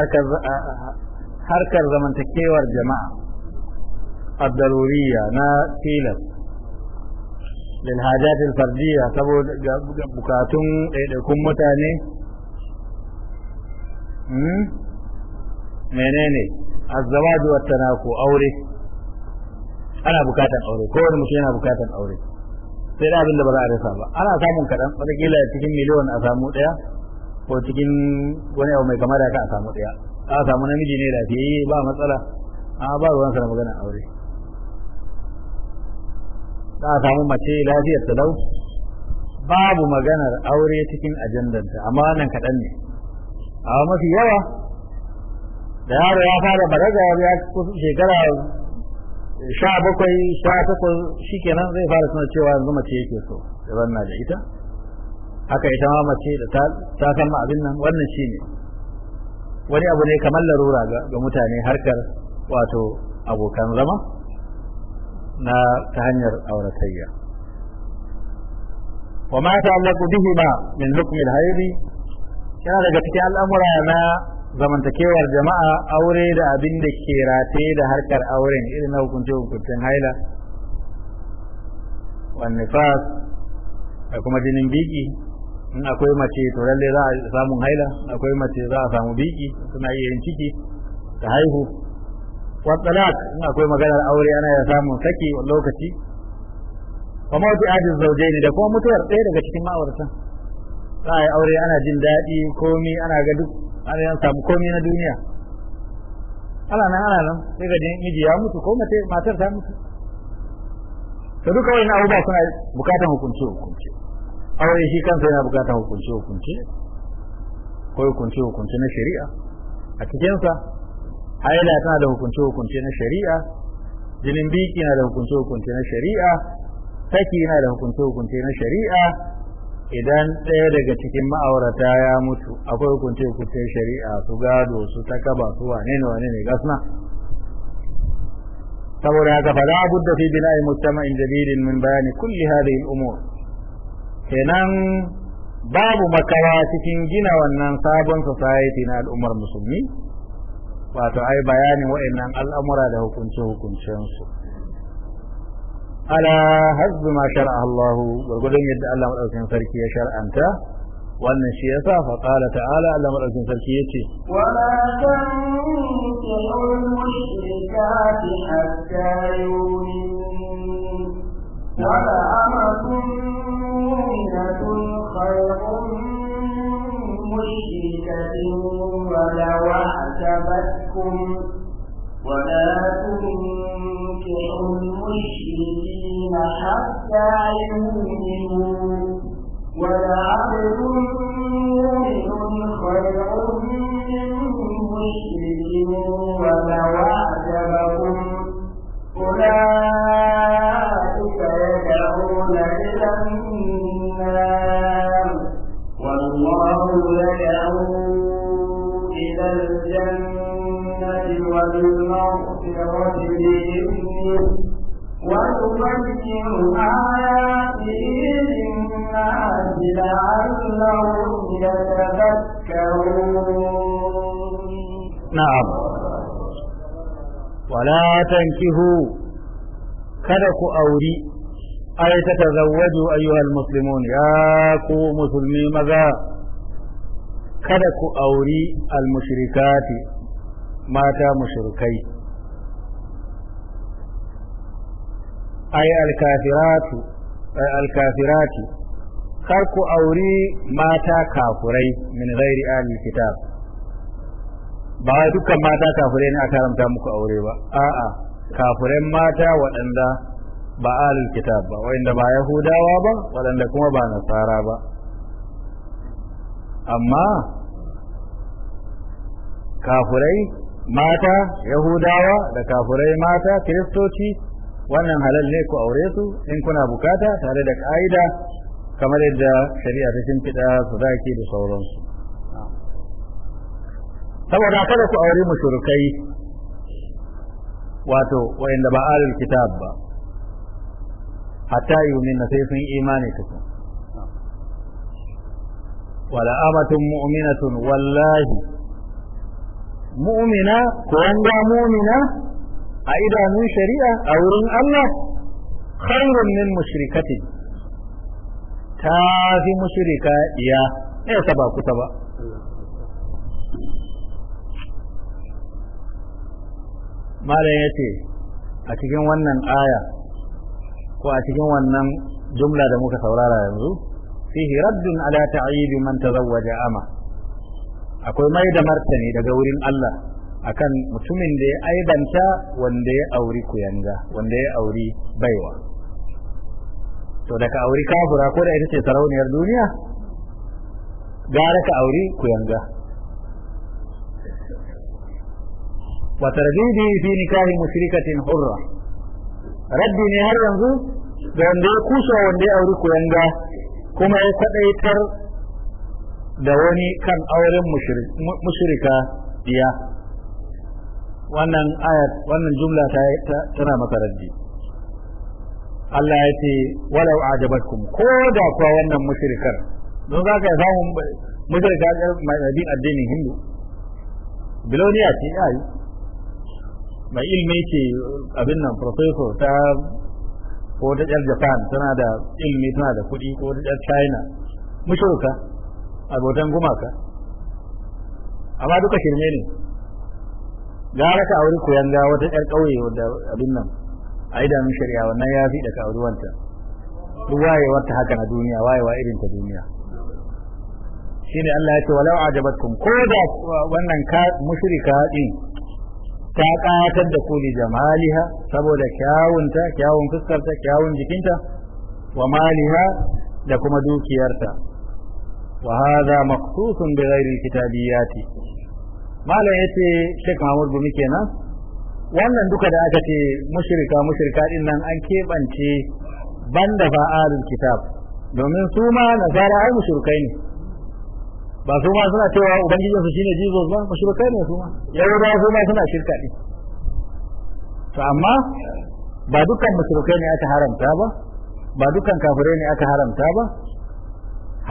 harkar harkar zamantakewar jama'a ad-daruriyya na tilas lil hajat al-fardiyya saboda bukatun ɗaiɗaikun mutane hmm? menene azzawaj wa tanaku aure ana bukatan aure kowane mutum yana bukatan aure sai da abin da ba za a rasa ba ana samun kaɗan wataƙila cikin miliyon a samu ɗaya ko cikin wani abu mai kama da ka a samu ɗaya a samu namiji ne da fiye ba matsala a ba ruwan sa magana aure za a samu mace lafiyar ta lau babu maganar aure cikin ajandanta amma nan kaɗan ne amma mafi yawa da yaro ya fara balaga ya kusa shekara sha bakwai sha takwas shi kenan zai fara suna cewa yanzu mace yake so ya zanna da ita haka ita ma mace da ta san abin nan wannan shi ne wani abu ne kamar larura ga mutane harkar wato abokan zama na ta hanyar auratayya wa ma ta'allaqu bihi ma min hukmi al-hayri yana daga cikin al'amura na zamantakewar jama'a aure da abin da ke rate da harkar auren irin na hukunce hukuncin haila wanne fas da kuma jinin biki in akwai mace to lalle za a samu haila akwai mace za a samu biki suna iya yin ciki da haihu watsalat in akwai maganar aure ana ya samun saki lokaci kuma wata ajin zaujai ne da kuma mutuwar ɗaya daga cikin ma'auratan za a yi aure ana jin daɗi komi ana ga duk ana yan samu komai na duniya ana nan ana nan sai ga miji ya mutu ko mace matar ta mutu to duka wani uba suna bukatan hukunce hukunce aure shi kansa yana bukatan hukunce hukunce ko hukunci hukunci na shari'a a cikinsa haila tana da hukunce hukunce na shari'a jinin biki na da hukunce hukunce na shari'a saki na da hukunce hukunce na shari'a idan ɗaya daga cikin ma'aurata ya mutu akwai hukunci hukunce shari'a su gado su ta kaba su wane ne wane ne gasna saboda haka fa la budda fi bina'i mujtama'in jadidin min bayani kulli hadhihi al-umur kenan babu makara cikin gina wannan sabon society na al'ummar musulmi wato ai bayanin wa'annan al'amura da hukunce hukuncinsu. ala hazzu ma shar'a Allah gurgudun yadda Allah madaukakin sarki ya shar'anta wannan shi yasa fa qala ta'ala Allah madaukakin sarki yace wa la tankihu mushrikati hatta yu'min wa la amatun mu'minatun khayrun mushrikatin wa la wa'tabatkum ولا تنكحوا المشركين حتى يؤمنوا ولعبد مؤمن خير من مشرك ولو أعجبهم أولئك يدعون إلى النار والله يدعو إلى الجنة بالمغفرة بإذنه وتفكر آياته نعم ولا تنكهوا kada ku auri ai ta tazawwaju ayyuhal muslimun ya ku musulmi maza kada ku auri al mushrikati mata mushrikai ay alkafiratu ay alkafirati kar ku auri mata kafurai min ghairi ahli kitab ba dukkan mata kafurai ne aka ramta muku aure ba a'a kafurai mata waɗanda ba ahlul kitab ba waɗanda ba yahudawa ba waɗanda kuma ba nasara ba amma kafurai mata yahudawa da kafurai mata kiristoci wannan halal ne ku aure su in kuna bukata tare da ka'ida kamar yadda shari'a ta fiɗa su zaki da sauransu saboda kada ku aure mushrikai wato wayanda ba alul kitab ba hatta na sai sun imani tukun wala amatun mu'minatun wallahi mu'mina ko wanda mu'mina a idanun shari'a a wurin Allah khairun min mushrikati ta fi mushrika iya ya saba kuta ba mala ya ce a cikin wannan aya ko a cikin wannan jumla da muka saurara yanzu fihi raddun ala ta'yibi man tazawwaja ama akwai mai da martani daga wurin Allah akan mutumin da ya aibanta wanda ya auri kuyanga wanda ya auri baiwa to da ka auri kafura ko da ita ce sarauniyar duniya gara ka auri kuyanga wa tarbibi fi nikahi mushrikatin hurra Rabbi ne har yanzu da wanda ya kusa wanda ya auri kuyanga kuma ya kadaitar da wani kan auren mushrika diya wannan ayat wannan jumla ta tana maka raddi Allah ya ce walau ajabatkum ko da kuwa wannan mushrikar don za ka samu mushrika mai bin addinin hindu biloniya ce ya yi mai ilmi ce abin nan professor ta ko ta yar japan tana da ilmi tana da kuɗi ko ta yar china mushrika abotan gumaka amma duka shirme ne gara ka auri yanga wata yar kauye da abin nan a mun shari'a wannan ya fi da ka auri wanta. duk wayewar ta haka na duniya wayewa irin ta duniya shine Allah ya ce walau ajabatkum ko da wannan ka mushrika din ta katar da ku jamaliha saboda kyawunta kyawun fuskarta kyawun jikinta wa maliha da kuma dukiyarta وهذا hadha بغير الكتابيات ما لا يتي شيخ محمود Mahmud Bumi kenan wannan duka da aka ce mushrika mushrika din nan an kebance banda fa alul kitab domin su ma nazara ai mushrikai ne ba su ma suna cewa ubangijin su shine Jesus ba mushrikai ne su ma da su ma suna shirka ne to amma ba dukkan mushrikai ne aka haramta ba ba dukkan kafirai ne aka haramta ba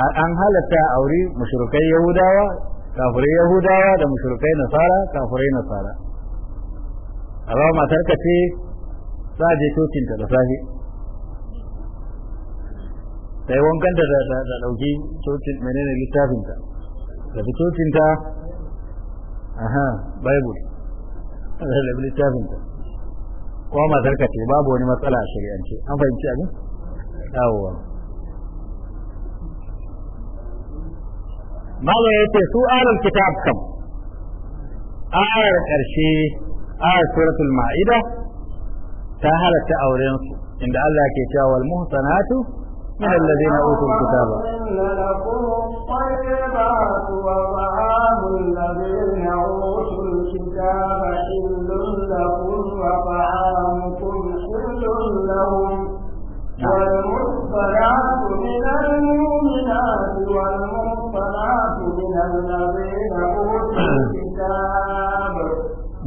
an halatta wuri mashirukai yahudawa kafirai yahudawa da mashirukai nasara kafirai nasara A matar ka ce za je cocin ta da safe sai wankan da da dauki cocin menene littafin ta da cocin ta aha bible da littafin ta ko ka ce babu wani matsala a shari'ance an fahimci abin yawon malam ya ce su alal kitab kam ayar karshe ayar suratul ma'ida ta halatta auren su inda Allah ke cewa wal muhsanatu من na أوتوا الكتاب إلا الذين أوتوا الكتاب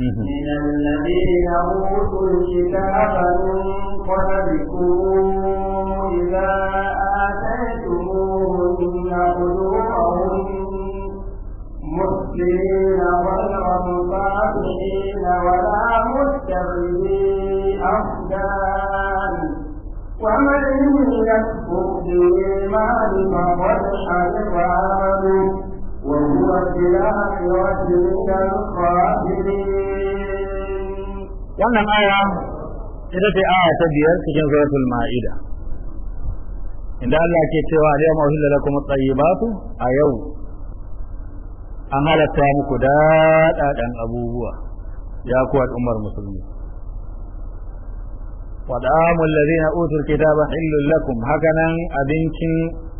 من الذين أوتوا الكتاب من قبلكم إذا آتيتموهن أجورهن مسلمين غير ولا متخذي أخدان ومن يكفر بإيمان فقد حذر wannan aya ita ce aya ta biyar cikin suratul ma'ida inda Allah ke cewa yau ma'uhilla lakum at-tayyibatu a yau an halatta muku daɗaɗan abubuwa ya ku al'ummar musulmi wa da'amul ladina utul kitaba lakum hakanan abincin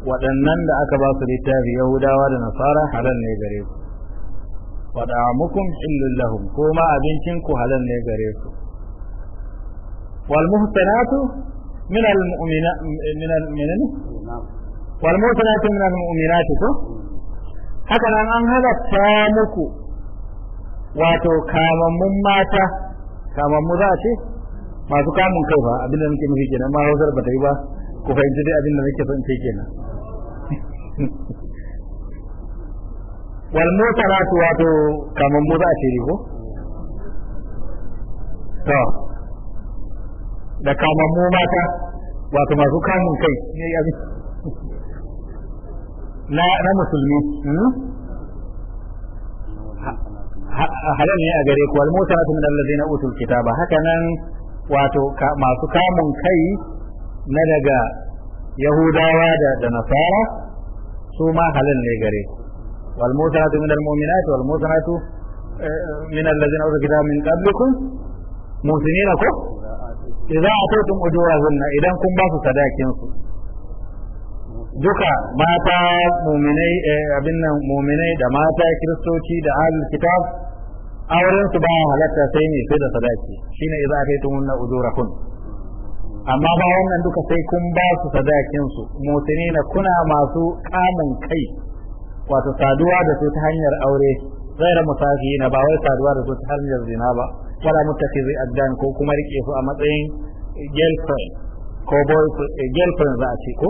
waɗannan da aka ba su littafi yahudawa da nasara halal ne gare su Waɗa mukum illallahum ko ma abincin ku halal ne gare su wal muhsanatu min al mu'mina min al wal muhsanatu min al mu'minati ko haka nan an halatta muku wato kamammun mata kamammu za a ce masu kamun kai ba abinda nake nufi kenan ma hausar ba ta yi ba ku fahimci dai abin da nake son ce kenan wal mutaratu wato kaman mu za a ce ko to da kaman mu mata wato masu kamun kai ne na na musulmi hmm? halal ne a gare ku wal mutaratu min alladhina utul kitaba haka nan wato masu kamun kai na daga yahudawa da nasara su ma halin ne gare wal mutanatu min al mu'minat wal mutanatu eh, min allazina utul kitab min qablikum mu'minina ko idan ataytum ujurahunna idan kun ba su sadakin su duka mata mu'minai eh, abin nan mu'minai da mata kiristoci da ahlul kitab auren su ba halatta sai ne sai da sadaki shine idan ataytum ujurahunna amma ba wannan duka sai kun ba su sadakin su na kuna masu kamun kai wato saduwa da su ta hanyar aure غير مسافرين ba wai saduwa da su ta hanyar zina ba wala zai addan ko kuma rike su a matsayin girlfriend ko boy eh, girlfriend za a ce ko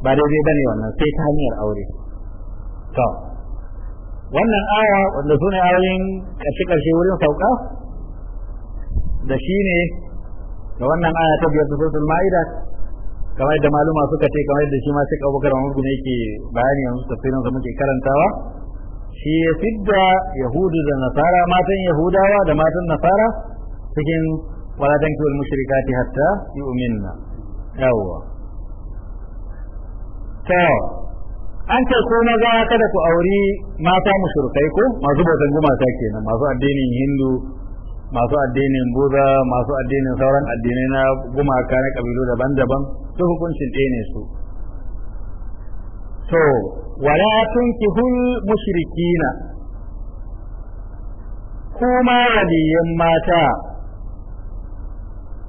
ba daidai bane wannan sai ta hanyar aure to wannan aya wanda sune ayoyin karshe karshe wurin sauka da shi ne. da wannan aya ta biyar suratul ma'ida kamar da maluma suka ce kamar da shi ma sai abubakar mahmud gume yake bayani yanzu tafsirin sa muke karantawa shi ya fidda yahudu da nasara matan yahudawa da matan nasara cikin wala tankul mushrikati hatta yu'minna yawwa to an ce ko maza kada ku auri mata mushrikai ko masu bautan gumata kenan masu addinin hindu masu addinin buza masu addinin sauran addinai na gumaka na kabilu daban-daban su hukuncin ɗaya ne su to wala tunkihul mushrikina kuma waliyan mata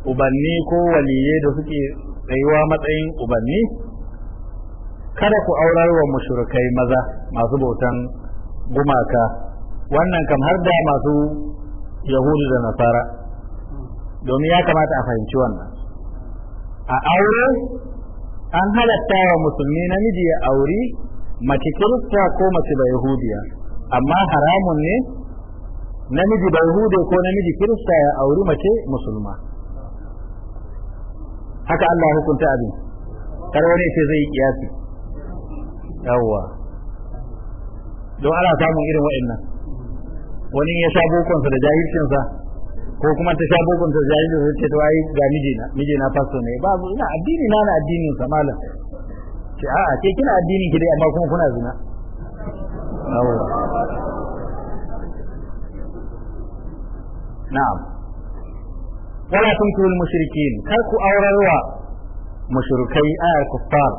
ubanni ko waliyai da suke tsayuwa matsayin ubanni kada ku aurar wa mushrikai maza masu bautan gumaka wannan kam har da masu yahudu da nasara domin ya kamata a fahimci wannan a aure an halatta wa musulmi namiji ya auri mace kirista ko mace da yahudiya amma haramun ne namiji ba yahudu ko namiji kirista ya auri mace musulma haka Allah hukunta abin kar wani ce zai kiyasi yawwa don ana samun irin wa'annan wani ya sha bokonsa da jahilcinsa ko kuma ta sha bokonsa da jahilcinsa ce ta wayi ga mijina mijina fasto ne ba ina addini na na addinin sa malam ce a ce kina addinin ki dai amma kuma kuna zina na'am wala tunkihu al-mushrikeen kar ku aurarwa mushrikai ayar kuffar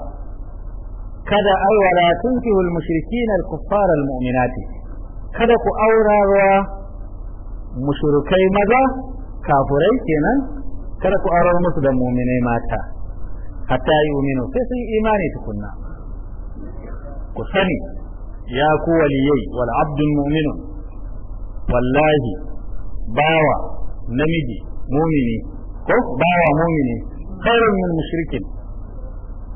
kada ai wala tunkihu al-mushrikeen al-kuffar al-mu'minati kada ku aurawa mushrikai maza kafurai kenan kada ku aurar musu da muminai mata hatta yu'minu sai sun imani tukunna ku sani ya ku waliyai wal abdul mu'minu wallahi bawa namiji mumini ko bawa mumini khairun min mushrikin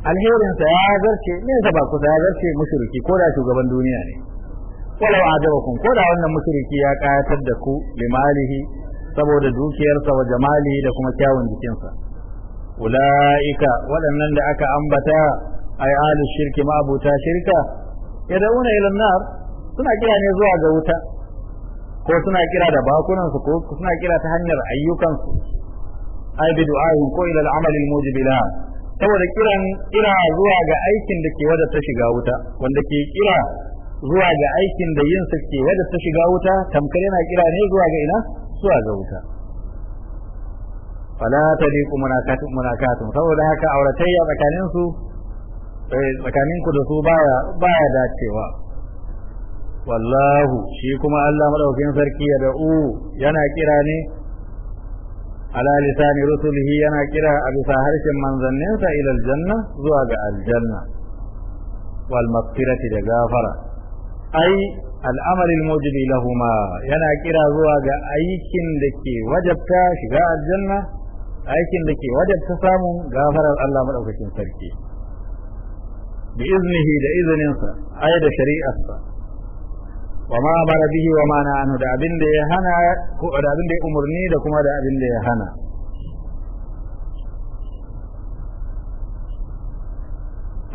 alherinsa ya zarce ne ba kusa ya zarce mushriki ko da shugaban duniya ne walau ajabakum ko da wannan mushriki ya kayatar da ku limalihi saboda dukiyarsa wa jamali da kuma kyawun jikinsa ula'ika waɗannan da aka ambata ai ahli shirki ma'abuta shirka yad'una ila nar suna kira ne zuwa ga wuta ko suna kira da bakunansu ko suna kira ta hanyar ayyukansu ai bi du'a'in ko ila al-amal al-mujib saboda kiran kira zuwa ga aikin da ke wada ta shiga wuta wanda ke kira zuwa ga aikin da yin sa ke wadda ta shiga wuta tamkar yana kira ne zuwa ga ina zuwa ga wuta fala ta ne ku munakatun munakatun saboda haka auratayya tsakanin su eh, tsakanin ku da su baya baya dacewa wallahu shi kuma Allah madaukakin sarki ya da'u yana kira ne ala lisani rusulihi yana kira a bisa harshen manzanninsa ila aljanna zuwa ga aljanna wal da gafara ai al'amarin mujibi lahuma yana kira zuwa ga aikin da ke wajabta shiga aljanna aikin da ke wajabta samun gafarar Allah maɗaukacin sarki bi iznihi da izininsa ai da shari'arsa wa ma amara bihi wa ma da abin da ya hana ko da abin da ya umurni da kuma da abin da ya hana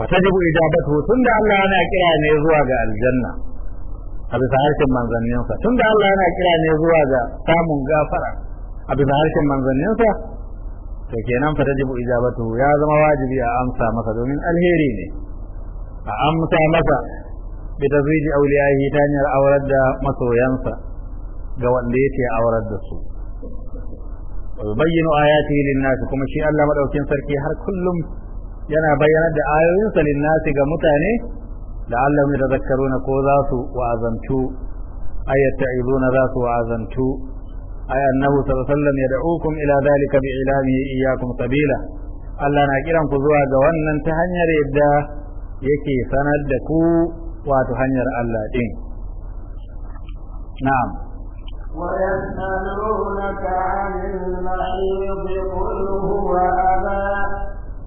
fatajibu ijabatu tunda Allah yana kira ne zuwa ga aljanna a bisa harshen manzanninsa tunda Allah yana kira ne zuwa ga samun gafara a bisa harshen manzanninsa to kenan fatajibu ijabatu ya zama wajibi a amsa masa domin alheri ne a amsa masa bi tazwiji awliyahi ta hanyar aurar da masoyansa ga wanda yake aurar da su wa yubayyinu ayatihi lin-nas kuma shi Allah madaukin sarki har kullum yana bayyanar da ayoyinsa linnasi ga mutane la'allam yatadhakkaruna ko za su wa'azantu ay yata'izuna za su wa'azantu ay annahu sallallahu alaihi yad'ukum ila dhalika bi'ilamihi iyyakum sabila Allah na kiran ku zuwa ga wannan ta hanyar yadda yake sanar da ku wato hanyar Allah din na'am ويسألونك عن المحيض قل هو أذى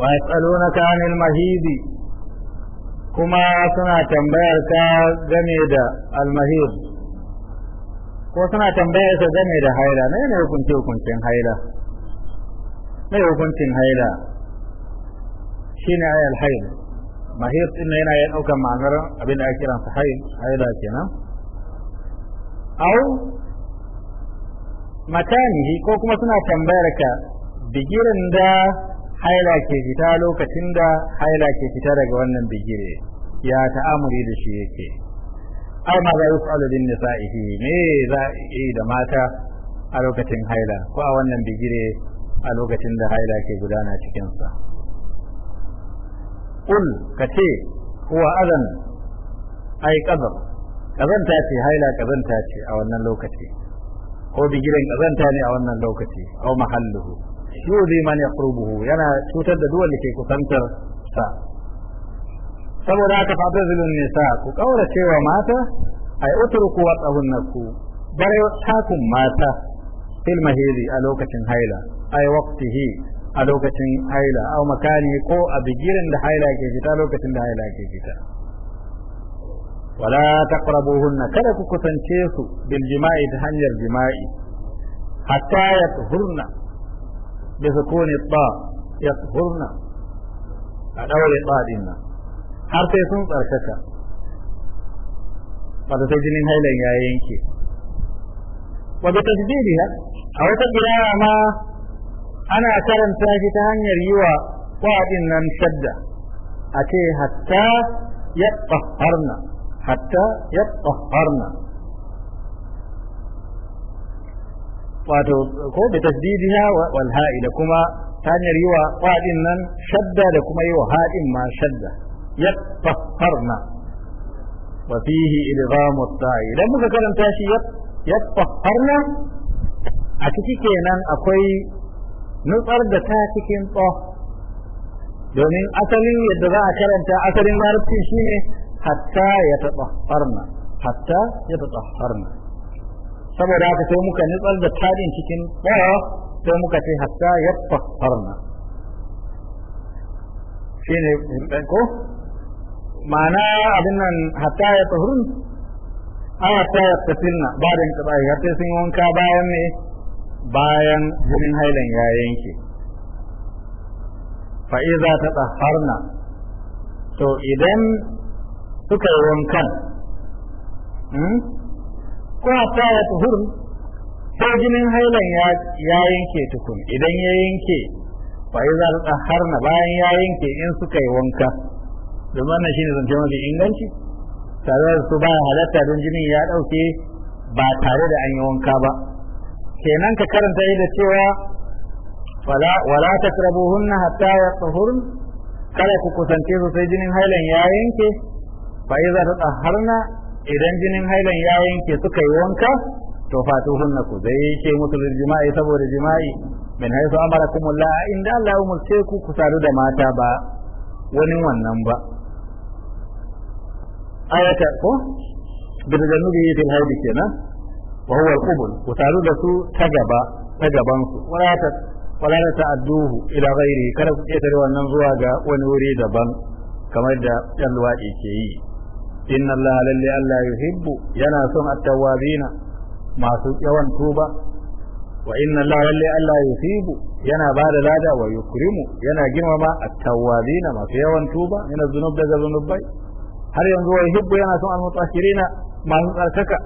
wa yas'alunaka 'anil mahidi kuma suna tambayar ka game da almahid ko suna tambayar ka game da haila ne ne hukunci hukuncin haila ne hukuncin haila shine ayal haila mahid din yana yin aukan ma'anar abin da ake kiransa haila kenan au matanihi ko kuma suna tambayar ka bigirin da haila ke fita lokacin da haila ke fita daga wannan bigire ya ta'amuri da shi yake ai ma za yi fa'alu din nisa'ihi me za yi da mata a lokacin haila ko a wannan bigire a lokacin da haila ke gudana cikinsa kul ka ce huwa azan ai kazar ta ce haila kazanta ce a wannan lokaci ko bigiren ta ne a wannan lokaci au mahalluhu yuzi man yaqrubuhu yana cutar da duwan ke kusantar sa saboda haka fa'tazilun nisa ku kaura cewa mata ay utruku na ku bare takun mata Ilmahiri a lokacin haila ay waqtihi a lokacin haila aw makani ko a bigirin da haila ke fita lokacin da haila ke fita wala taqrabuhunna kada ku kusance su bil jima'i ta hanyar jima'i hatta yatuhurna بسكون الطاء يقهرنا على أول الطاء دينا حرف يسون قرشكا قد تجنين هاي لن يأينك وبتجديدها أو تجرى ما أنا أترم تاجتها أن يريوا قاعد نشد أتي حتى يطهرنا حتى يطهرنا wato ko da tasdidiha wal ha'i da kuma ta hanyar yi wa qadin nan shadda da kuma yi wa ha'in ma shadda yataffarna wa fihi idghamu ta'i idan muka karanta shi yataffarna a ciki kenan akwai nutsar da ta cikin tso domin asalin yadda za a karanta asalin larabci shine hatta ya taɓa hatta ya saboda haka sai muka nutsar da tarin cikin tsaya sai muka ce hatta ya fafarna shi ne ko ma'ana abin nan hatta ya tsahurun an hatta ya tsafirna ba da yanka bayi har sai sun yi wanka bayan ne bayan jinin hailan ya yanke fa'iza ta tsaharna to idan suka yi wankan hmm? kuna a sa ya ko jinin hailan ya yanke tukun idan ya yanke yi fa iza na bayan ya yanke in suka yi wanka da shi ne zance mafi inganci tare da su ba halatta don jinin ya dauke ba tare da an yi wanka ba kenan ka karanta da cewa wala karabu hunna hatta yatahurn kada ku kusance su sai jinin hailan ya yanke yi za ta harna idan jinin hailan ya yanke suka yi wanka to fatuhunna ku zai ke musu da jima'i saboda jima'i min haisu amarakumullah inda Allah ya umarce ku ku sadu da mata ba wani wannan ba ayata ko nubi yi fil haidi kenan wa huwa al-qubul ku sadu da su ta gaba ta gaban su wala ta wala ta ta'adduhu ila ghairi kada ku ketare wannan zuwa ga wani wuri daban kamar da yan luwaɗi ke yi inna Allah lalle Allah yuhibbu yana son at-tawwabina masu yawan tuba wa inna Allah lalle Allah yusibu yana ba da lada wa yukrimu yana girmama at-tawwabina masu yawan tuba yana zunub da zunubai har yanzu wa yuhibbu yana son al-mutasirina masu tsarkaka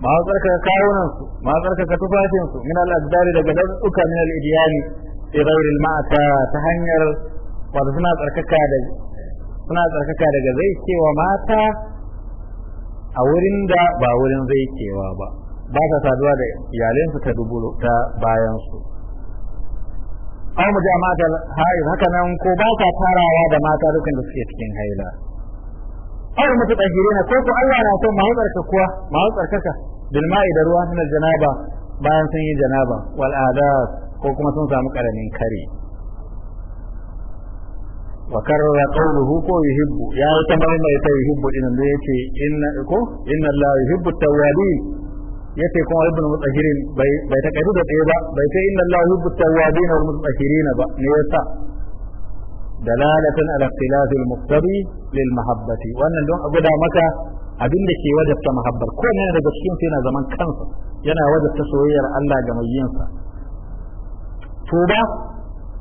masu tsarkaka kawunan su masu tsarkaka tufafin su min al-azdari daga dukkan min al-idiyani bi ghairi al-ma'ata ta hanyar wato suna tsarkaka da suna tsarkaka daga zai cewa mata a wurin da ba wurin zai cewa ba ba ta saduwa da iyalinsu ta dubu ta bayansu aw mu jama'at mata haid haka nan ko ba ta tarawa da mata dukkan da suke cikin haila aw mutu tutahirina ko ko Allah na son mahaifar kuwa mahaifar ka da ruwa na janaba bayan sun yi janaba wal ko kuma sun samu ƙaramin kare wa karra qawluhu ko yuhibbu ya yi ta mai ta yuhibbu din da yace inna ko inna la yuhibbu tawwabin yace kuma ibnu mutahirin bai bai ta da tsaye ba bai ce inna la yuhibbu tawwabin wal mutahirin ba ne mahabbati wannan don abu da maka abin da ke wajabta mahabbar ko ne daga cikin yana zaman kansa yana wajabta soyayyar Allah ga mai yinsa tuba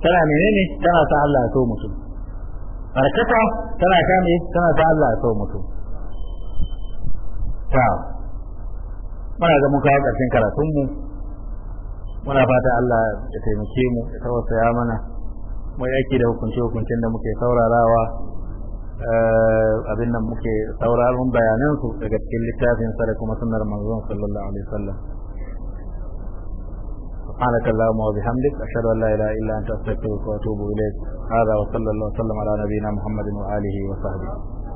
tana menene tana sa Allah ya so mutum barkata tana ta me tana ta Allah ya mutum ta muna ga mun kawo karshen karatun mu muna fata Allah ya taimake mu ya tausaya mana mu yaki da hukunce hukuncin da muke saurarawa abin nan muke sauraron bayanan su daga cikin littafin sa da kuma sunnar manzon sallallahu alaihi wasallam سبحانك اللهم وبحمدك أشهد أن لا إله إلا أنت أستغفرك وأتوب إليك هذا وصلى الله وسلم على نبينا محمد وآله وصحبه